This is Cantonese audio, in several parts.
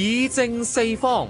議政四方。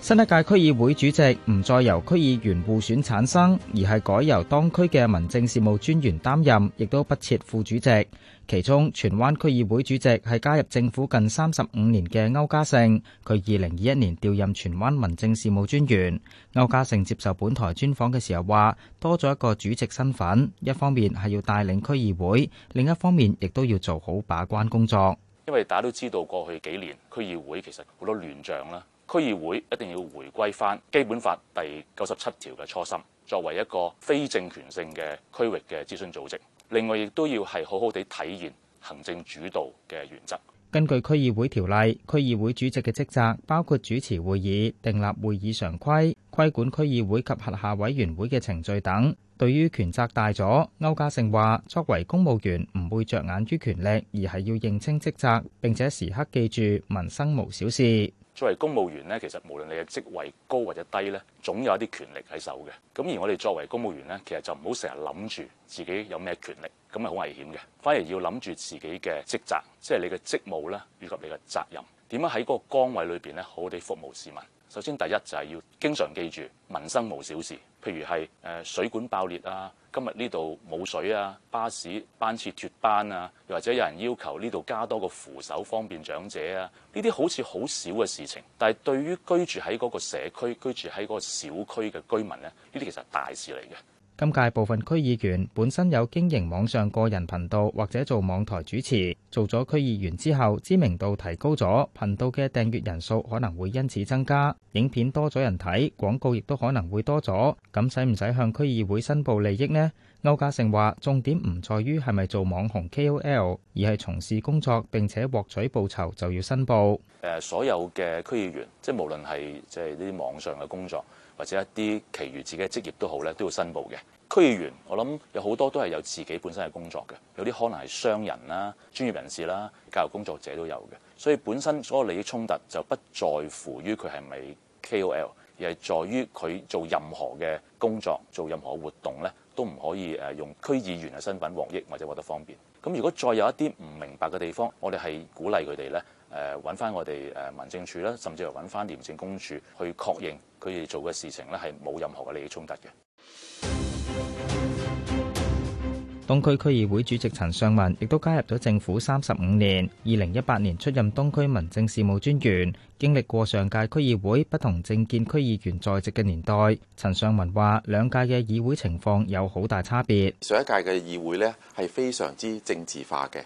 新一屆區議會主席唔再由區議員互選產生，而係改由當區嘅民政事務專員擔任，亦都不設副主席。其中，荃灣區議會主席係加入政府近三十五年嘅區家盛。佢二零二一年調任荃灣民政事務專員。區家盛接受本台專訪嘅時候話，多咗一個主席身份，一方面係要帶領區議會，另一方面亦都要做好把關工作。因為大家都知道過去幾年區議會其實好多亂象啦，區議會一定要回歸返《基本法》第九十七條嘅初心，作為一個非政權性嘅區域嘅諮詢組織。另外，亦都要係好好地體現行政主導嘅原則。根據區議會條例，區議會主席嘅職責包括主持會議、訂立會議常規、規管區議會及轄下委員會嘅程序等。對於權責大咗，區家盛話：作為公務員，唔會着眼於權力，而係要認清職責，並且時刻記住「民生無小事」。作為公務員呢，其實無論你嘅職位高或者低呢，總有一啲權力喺手嘅。咁而我哋作為公務員呢，其實就唔好成日諗住自己有咩權力，咁係好危險嘅。反而要諗住自己嘅職責，即係你嘅職務咧，以及你嘅責任，點樣喺嗰個崗位裏面咧好好地服務市民。首先，第一就係要經常記住民生無小事，譬如係誒水管爆裂啊，今日呢度冇水啊，巴士班次脫班啊，又或者有人要求呢度加多個扶手方便長者啊，呢啲好似好小嘅事情，但係對於居住喺嗰個社區、居住喺嗰個小區嘅居民呢，呢啲其實係大事嚟嘅。今屆部分區議員本身有經營網上個人頻道或者做網台主持，做咗區議員之後，知名度提高咗，頻道嘅訂閱人數可能會因此增加，影片多咗人睇，廣告亦都可能會多咗。咁使唔使向區議會申報利益呢？區家盛話：重點唔在於係咪做網紅 KOL，而係從事工作並且獲取報酬就要申報。誒，所有嘅區議員，即係無論係即係呢啲網上嘅工作。或者一啲其餘自己嘅職業都好咧，都要申報嘅。區議員，我諗有好多都係有自己本身嘅工作嘅，有啲可能係商人啦、專業人士啦、教育工作者都有嘅，所以本身嗰個利益衝突就不在乎於佢係咪 KOL。係在於佢做任何嘅工作、做任何活動咧，都唔可以誒用區議員嘅身份獲益或者獲得方便。咁如果再有一啲唔明白嘅地方，我哋係鼓勵佢哋咧誒搵返我哋誒民政處啦，甚至係搵返廉政公署去確認佢哋做嘅事情咧係冇任何嘅利益衝突嘅。東區區議會主席陳尚文亦都加入咗政府三十五年，二零一八年出任東區民政事務專員，經歷過上屆區議會不同政見區議員在席嘅年代。陳尚文話：兩屆嘅議會情況有好大差別，上一屆嘅議會呢，係非常之政治化嘅。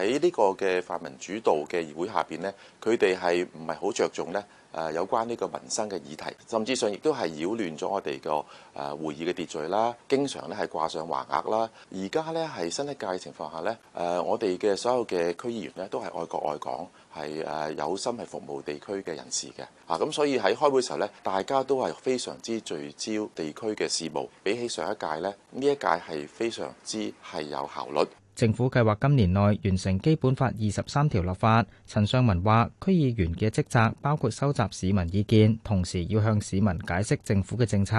喺呢個嘅泛民主導嘅議會下邊呢佢哋係唔係好着重呢誒有關呢個民生嘅議題，甚至上亦都係擾亂咗我哋個誒會議嘅秩序啦。經常咧係掛上橫額啦。而家呢係新一屆情況下呢誒、呃、我哋嘅所有嘅區議員呢都係愛國愛港，係誒有心係服務地區嘅人士嘅。啊，咁所以喺開會時候呢，大家都係非常之聚焦地區嘅事務。比起上一屆呢，呢一屆係非常之係有效率。政府計劃今年內完成基本法二十三條立法。陳尚文話：區議員嘅職責包括收集市民意見，同時要向市民解釋政府嘅政策。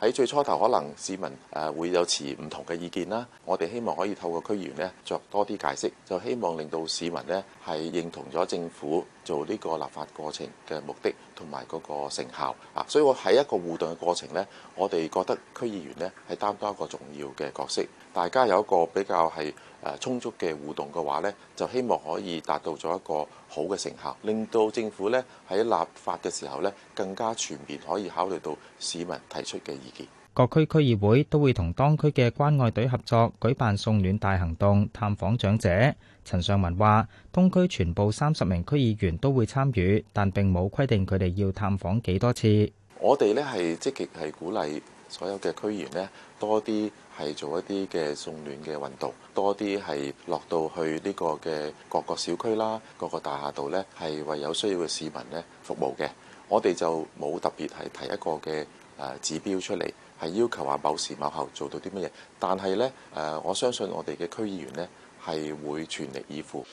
喺最初頭可能市民誒會有持唔同嘅意見啦，我哋希望可以透過區議員呢作多啲解釋，就希望令到市民呢，係認同咗政府做呢個立法過程嘅目的同埋嗰個成效啊，所以我喺一個互動嘅過程呢，我哋覺得區議員呢係擔當一個重要嘅角色，大家有一個比較係誒充足嘅互動嘅話呢，就希望可以達到咗一個好嘅成效，令到政府呢喺立法嘅時候呢更加全面可以考慮到市民提出嘅意見。各區區區議會都會同當區嘅關愛隊合作舉辦送暖大行動，探訪長者。陳尚文話，東區全部三十名區議員都會參與，但並冇規定佢哋要探訪幾多次。我哋呢係積極係鼓勵所有嘅區議員呢，多啲係做一啲嘅送暖嘅運動，多啲係落到去呢個嘅各個小區啦、各個大廈度呢，係為有需要嘅市民呢服務嘅。我哋就冇特別係提一個嘅指標出嚟。係要求話某時某後做到啲乜嘢？但係呢，誒，我相信我哋嘅區議員呢係會全力以赴。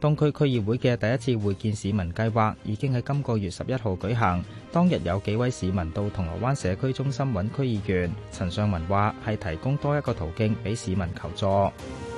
東區區議會嘅第一次會見市民計劃已經喺今個月十一號舉行，當日有幾位市民到銅鑼灣社區中心揾區議員。陳尚文話係提供多一個途徑俾市民求助。